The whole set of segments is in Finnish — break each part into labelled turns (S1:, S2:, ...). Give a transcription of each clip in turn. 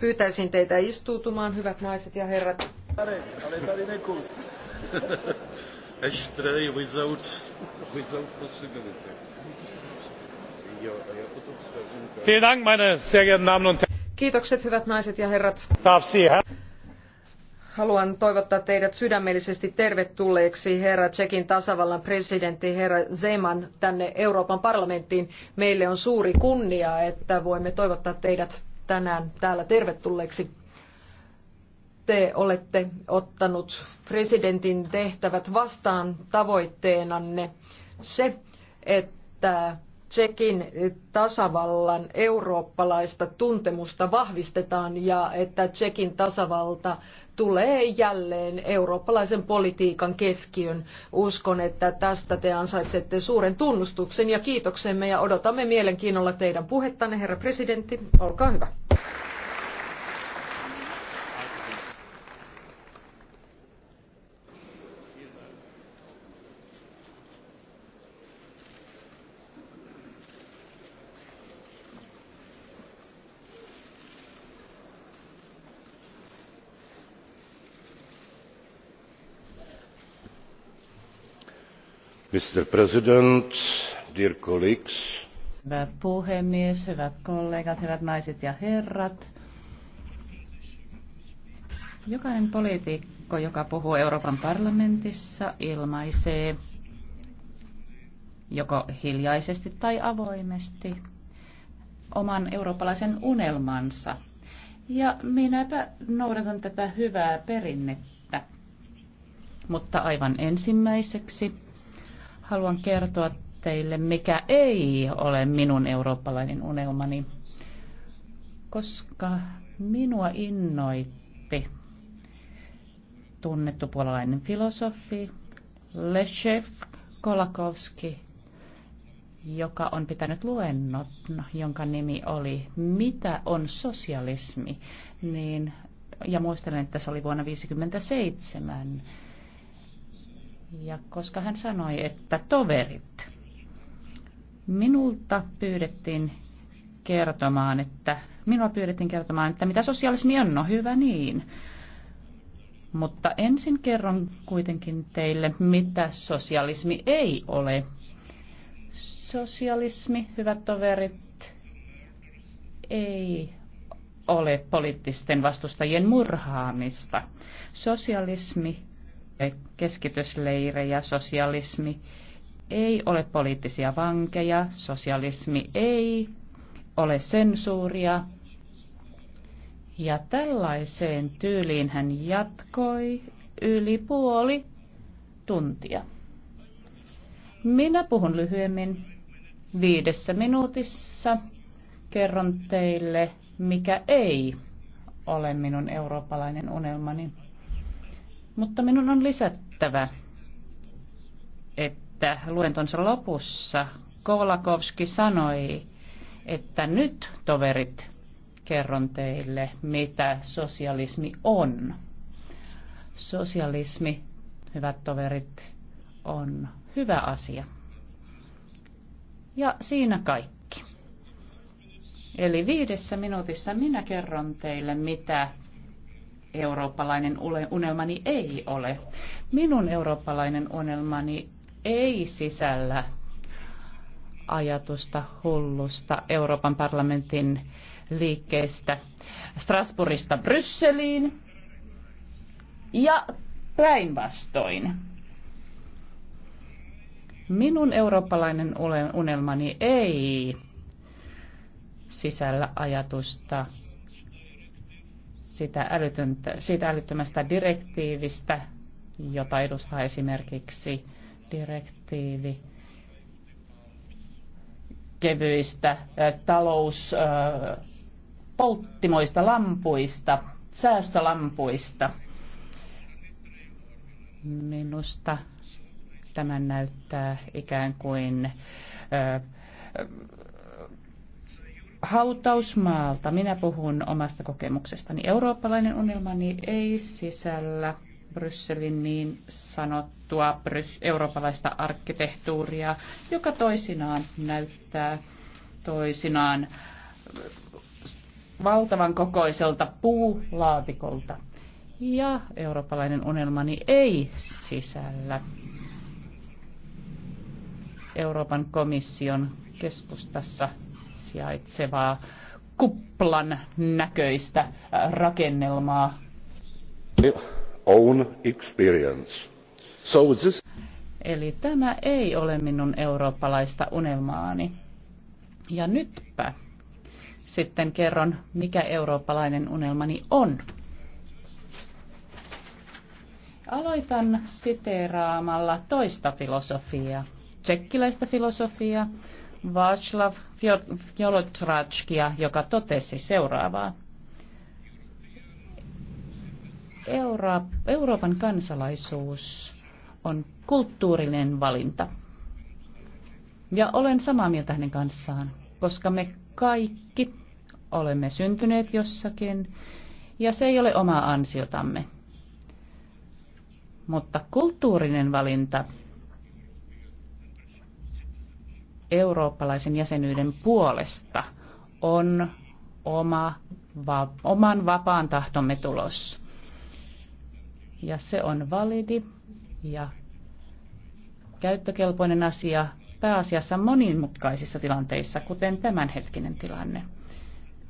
S1: Pyytäisin teitä istuutumaan, hyvät naiset ja herrat. Kiitokset, hyvät naiset ja herrat. Haluan toivottaa teidät sydämellisesti tervetulleeksi, herra Tsekin tasavallan presidentti, herra Zeman, tänne Euroopan parlamenttiin. Meille on suuri kunnia, että voimme toivottaa teidät tänään täällä tervetulleeksi. Te olette ottanut presidentin tehtävät vastaan tavoitteenanne se, että Tsekin tasavallan eurooppalaista tuntemusta vahvistetaan ja että Tsekin tasavalta tulee jälleen eurooppalaisen politiikan keskiön. Uskon, että tästä te ansaitsette suuren tunnustuksen ja kiitoksemme ja odotamme mielenkiinnolla teidän puhettanne, herra presidentti. Olkaa hyvä.
S2: Hyvä puhemies, hyvät kollegat, hyvät naiset ja herrat. Jokainen poliitikko, joka puhuu Euroopan parlamentissa, ilmaisee joko hiljaisesti tai avoimesti oman eurooppalaisen unelmansa. Ja minäpä noudatan tätä hyvää perinnettä. Mutta aivan ensimmäiseksi haluan kertoa teille, mikä ei ole minun eurooppalainen unelmani, koska minua innoitti tunnettu puolalainen filosofi Leszek Kolakowski, joka on pitänyt luennot, jonka nimi oli Mitä on sosialismi? Niin, ja muistelen, että se oli vuonna 1957 ja koska hän sanoi, että toverit, minulta pyydettiin kertomaan, että minua pyydettiin kertomaan, että mitä sosialismi on, no hyvä niin. Mutta ensin kerron kuitenkin teille, mitä sosialismi ei ole. Sosialismi, hyvät toverit, ei ole poliittisten vastustajien murhaamista. Sosialismi keskitysleirejä, sosialismi ei ole poliittisia vankeja, sosialismi ei ole sensuuria. Ja tällaiseen tyyliin hän jatkoi yli puoli tuntia. Minä puhun lyhyemmin viidessä minuutissa. Kerron teille, mikä ei ole minun eurooppalainen unelmani. Mutta minun on lisättävä, että luentonsa lopussa Kovlakovski sanoi, että nyt, toverit, kerron teille, mitä sosialismi on. Sosialismi, hyvät toverit, on hyvä asia. Ja siinä kaikki. Eli viidessä minuutissa minä kerron teille, mitä eurooppalainen unelmani ei ole. Minun eurooppalainen unelmani ei sisällä ajatusta hullusta Euroopan parlamentin liikkeestä Strasbourgista Brysseliin ja päinvastoin. Minun eurooppalainen unelmani ei sisällä ajatusta sitä älytöntä, siitä älyttömästä direktiivistä, jota edustaa esimerkiksi direktiivi kevyistä talouspolttimoista lampuista, säästölampuista. Minusta tämä näyttää ikään kuin hautausmaalta. Minä puhun omasta kokemuksestani. Eurooppalainen unelmani ei sisällä Brysselin niin sanottua eurooppalaista arkkitehtuuria, joka toisinaan näyttää toisinaan valtavan kokoiselta puulaatikolta. Ja eurooppalainen unelmani ei sisällä Euroopan komission keskustassa sijaitsevaa kuplan näköistä äh, rakennelmaa. Own experience. So this... Eli tämä ei ole minun eurooppalaista unelmaani. Ja nytpä sitten kerron, mikä eurooppalainen unelmani on. Aloitan siteeraamalla toista filosofiaa, tsekkiläistä filosofiaa, Václav Fjolotratskia, joka totesi seuraavaa. Euro- Euroopan kansalaisuus on kulttuurinen valinta. Ja olen samaa mieltä hänen kanssaan, koska me kaikki olemme syntyneet jossakin ja se ei ole omaa ansiotamme. Mutta kulttuurinen valinta eurooppalaisen jäsenyyden puolesta on oma, va, oman vapaan tahtomme tulos. Ja se on validi ja käyttökelpoinen asia pääasiassa monimutkaisissa tilanteissa, kuten tämänhetkinen tilanne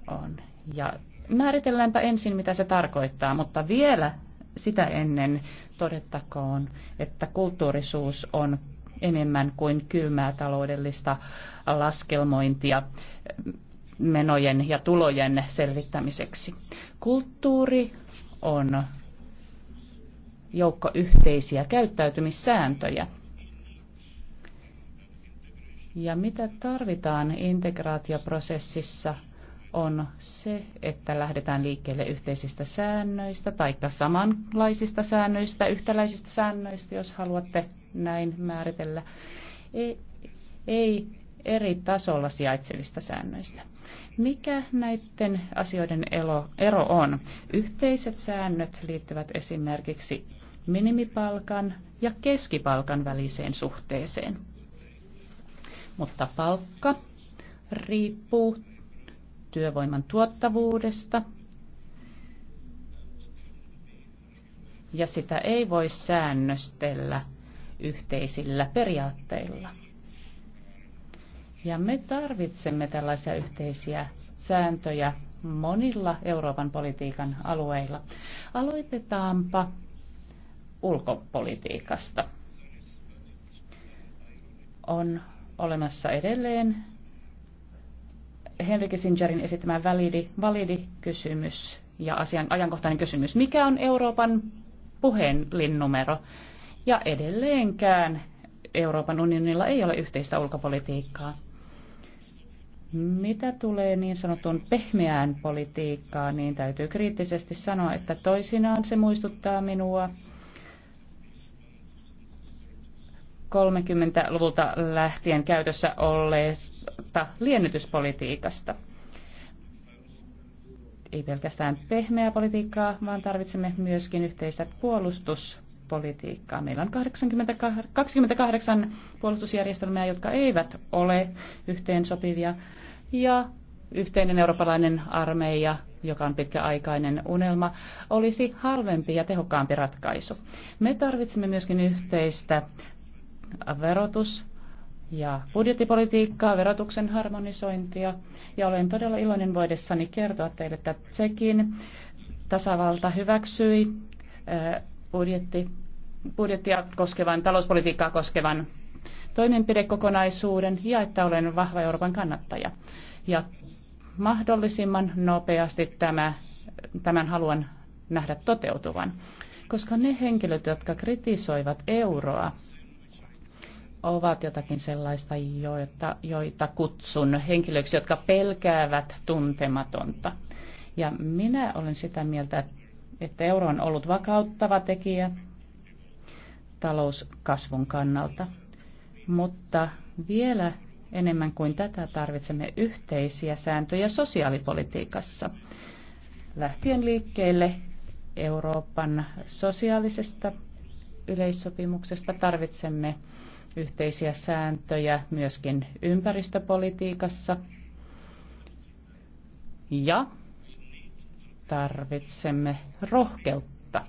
S2: on. Ja määritelläänpä ensin, mitä se tarkoittaa, mutta vielä sitä ennen todettakoon, että kulttuurisuus on enemmän kuin kylmää taloudellista laskelmointia menojen ja tulojen selvittämiseksi. Kulttuuri on joukko yhteisiä käyttäytymissääntöjä. Ja mitä tarvitaan integraatioprosessissa on se, että lähdetään liikkeelle yhteisistä säännöistä tai samanlaisista säännöistä, yhtäläisistä säännöistä, jos haluatte näin määritellä, ei, ei eri tasolla sijaitsevista säännöistä. Mikä näiden asioiden ero on? Yhteiset säännöt liittyvät esimerkiksi minimipalkan ja keskipalkan väliseen suhteeseen. Mutta palkka riippuu työvoiman tuottavuudesta ja sitä ei voi säännöstellä – yhteisillä periaatteilla. Ja me tarvitsemme tällaisia yhteisiä sääntöjä monilla Euroopan politiikan alueilla. Aloitetaanpa ulkopolitiikasta. On olemassa edelleen Henrike Sinjarin esittämä validi, validi kysymys ja asian, ajankohtainen kysymys. Mikä on Euroopan puheenlinnumero? numero? Ja edelleenkään Euroopan unionilla ei ole yhteistä ulkopolitiikkaa. Mitä tulee niin sanottuun pehmeään politiikkaan, niin täytyy kriittisesti sanoa, että toisinaan se muistuttaa minua 30-luvulta lähtien käytössä olleesta liennytyspolitiikasta. Ei pelkästään pehmeää politiikkaa, vaan tarvitsemme myöskin yhteistä puolustuspolitiikkaa puolustuspolitiikkaa. Meillä on 88 28 puolustusjärjestelmää, jotka eivät ole yhteensopivia ja yhteinen eurooppalainen armeija, joka on pitkäaikainen unelma, olisi halvempi ja tehokkaampi ratkaisu. Me tarvitsemme myöskin yhteistä verotus- ja budjettipolitiikkaa, verotuksen harmonisointia. Ja olen todella iloinen voidessani kertoa teille, että Tsekin tasavalta hyväksyi budjetti budjettia koskevan, talouspolitiikkaa koskevan toimenpidekokonaisuuden ja että olen vahva Euroopan kannattaja. Ja mahdollisimman nopeasti tämä, tämän haluan nähdä toteutuvan, koska ne henkilöt, jotka kritisoivat euroa, ovat jotakin sellaista, joita, joita kutsun henkilöiksi, jotka pelkäävät tuntematonta. Ja minä olen sitä mieltä, että euro on ollut vakauttava tekijä talouskasvun kannalta. Mutta vielä enemmän kuin tätä tarvitsemme yhteisiä sääntöjä sosiaalipolitiikassa. Lähtien liikkeelle Euroopan sosiaalisesta yleissopimuksesta tarvitsemme yhteisiä sääntöjä myöskin ympäristöpolitiikassa. Ja tarvitsemme rohkeutta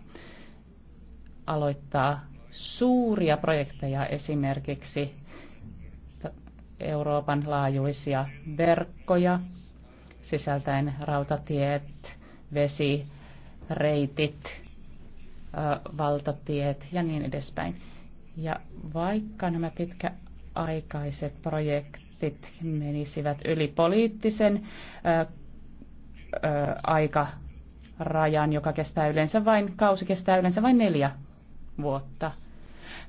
S2: aloittaa suuria projekteja, esimerkiksi Euroopan laajuisia verkkoja, sisältäen rautatiet, vesireitit, valtatiet ja niin edespäin. Ja vaikka nämä pitkäaikaiset projektit menisivät yli poliittisen aika rajan, aikarajan, joka kestää yleensä vain, kausi kestää yleensä vain neljä vuotta.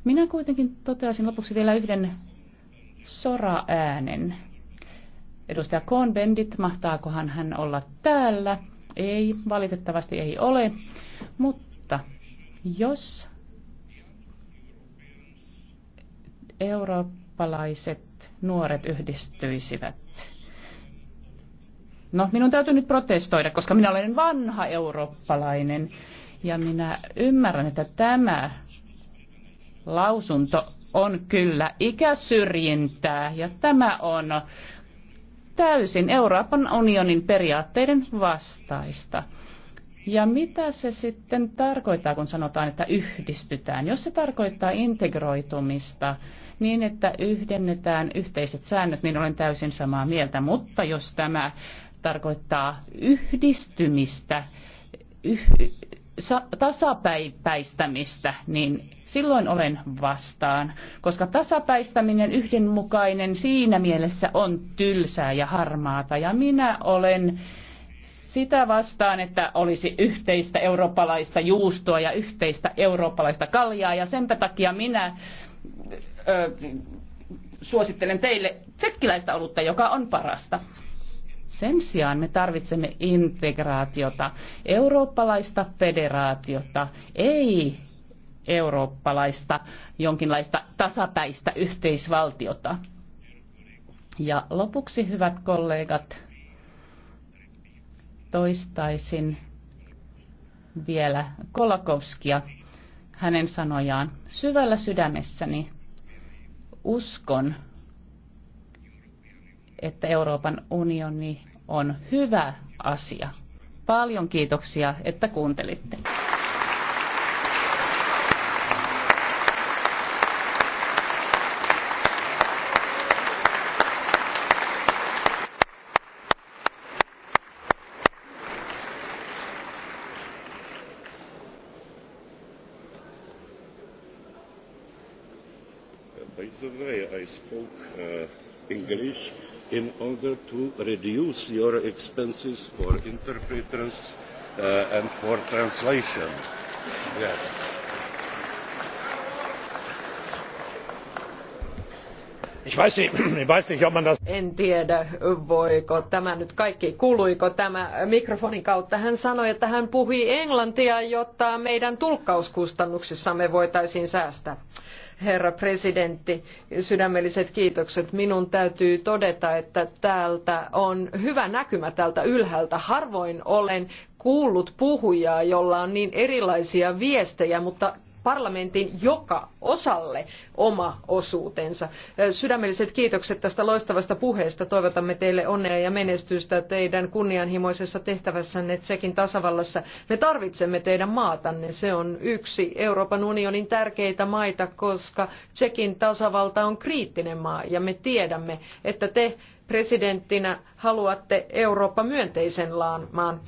S2: Minä kuitenkin toteaisin lopuksi vielä yhden soraäänen. Edustaja Kohn-Bendit, mahtaakohan hän olla täällä? Ei, valitettavasti ei ole. Mutta jos eurooppalaiset nuoret yhdistyisivät. No, minun täytyy nyt protestoida, koska minä olen vanha eurooppalainen. Ja minä ymmärrän, että tämä lausunto on kyllä ikäsyrjintää ja tämä on täysin Euroopan unionin periaatteiden vastaista. Ja mitä se sitten tarkoittaa, kun sanotaan, että yhdistytään? Jos se tarkoittaa integroitumista niin, että yhdennetään yhteiset säännöt, niin olen täysin samaa mieltä. Mutta jos tämä tarkoittaa yhdistymistä, yh- tasapäistämistä, niin silloin olen vastaan, koska tasapäistäminen yhdenmukainen siinä mielessä on tylsää ja harmaata ja minä olen sitä vastaan, että olisi yhteistä eurooppalaista juustoa ja yhteistä eurooppalaista kaljaa ja sen takia minä ö, suosittelen teille tsekkiläistä olutta, joka on parasta. Sen sijaan me tarvitsemme integraatiota, eurooppalaista federaatiota, ei eurooppalaista jonkinlaista tasapäistä yhteisvaltiota. Ja lopuksi, hyvät kollegat, toistaisin vielä Kolakovskia hänen sanojaan. Syvällä sydämessäni uskon että Euroopan unioni on hyvä asia. Paljon kiitoksia, että kuuntelitte. Uh, English in order to reduce your expenses for interpreters uh, and for translation. Yes.
S1: En tiedä, voiko tämä nyt kaikki, kuuluiko tämä mikrofonin kautta. Hän sanoi, että hän puhui englantia, jotta meidän tulkkauskustannuksissamme voitaisiin säästää. Herra presidentti, sydämelliset kiitokset. Minun täytyy todeta, että täältä on hyvä näkymä täältä ylhäältä. Harvoin olen kuullut puhujaa, jolla on niin erilaisia viestejä, mutta parlamentin joka osalle oma osuutensa. Sydämelliset kiitokset tästä loistavasta puheesta. Toivotamme teille onnea ja menestystä teidän kunnianhimoisessa tehtävässänne Tsekin tasavallassa. Me tarvitsemme teidän maatanne. Se on yksi Euroopan unionin tärkeitä maita, koska Tsekin tasavalta on kriittinen maa ja me tiedämme, että te presidenttinä haluatte Eurooppa myönteisen maan.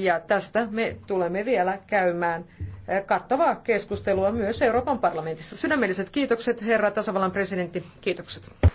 S1: Ja tästä me tulemme vielä käymään kattavaa keskustelua myös Euroopan parlamentissa. Sydämelliset kiitokset, herra tasavallan presidentti. Kiitokset.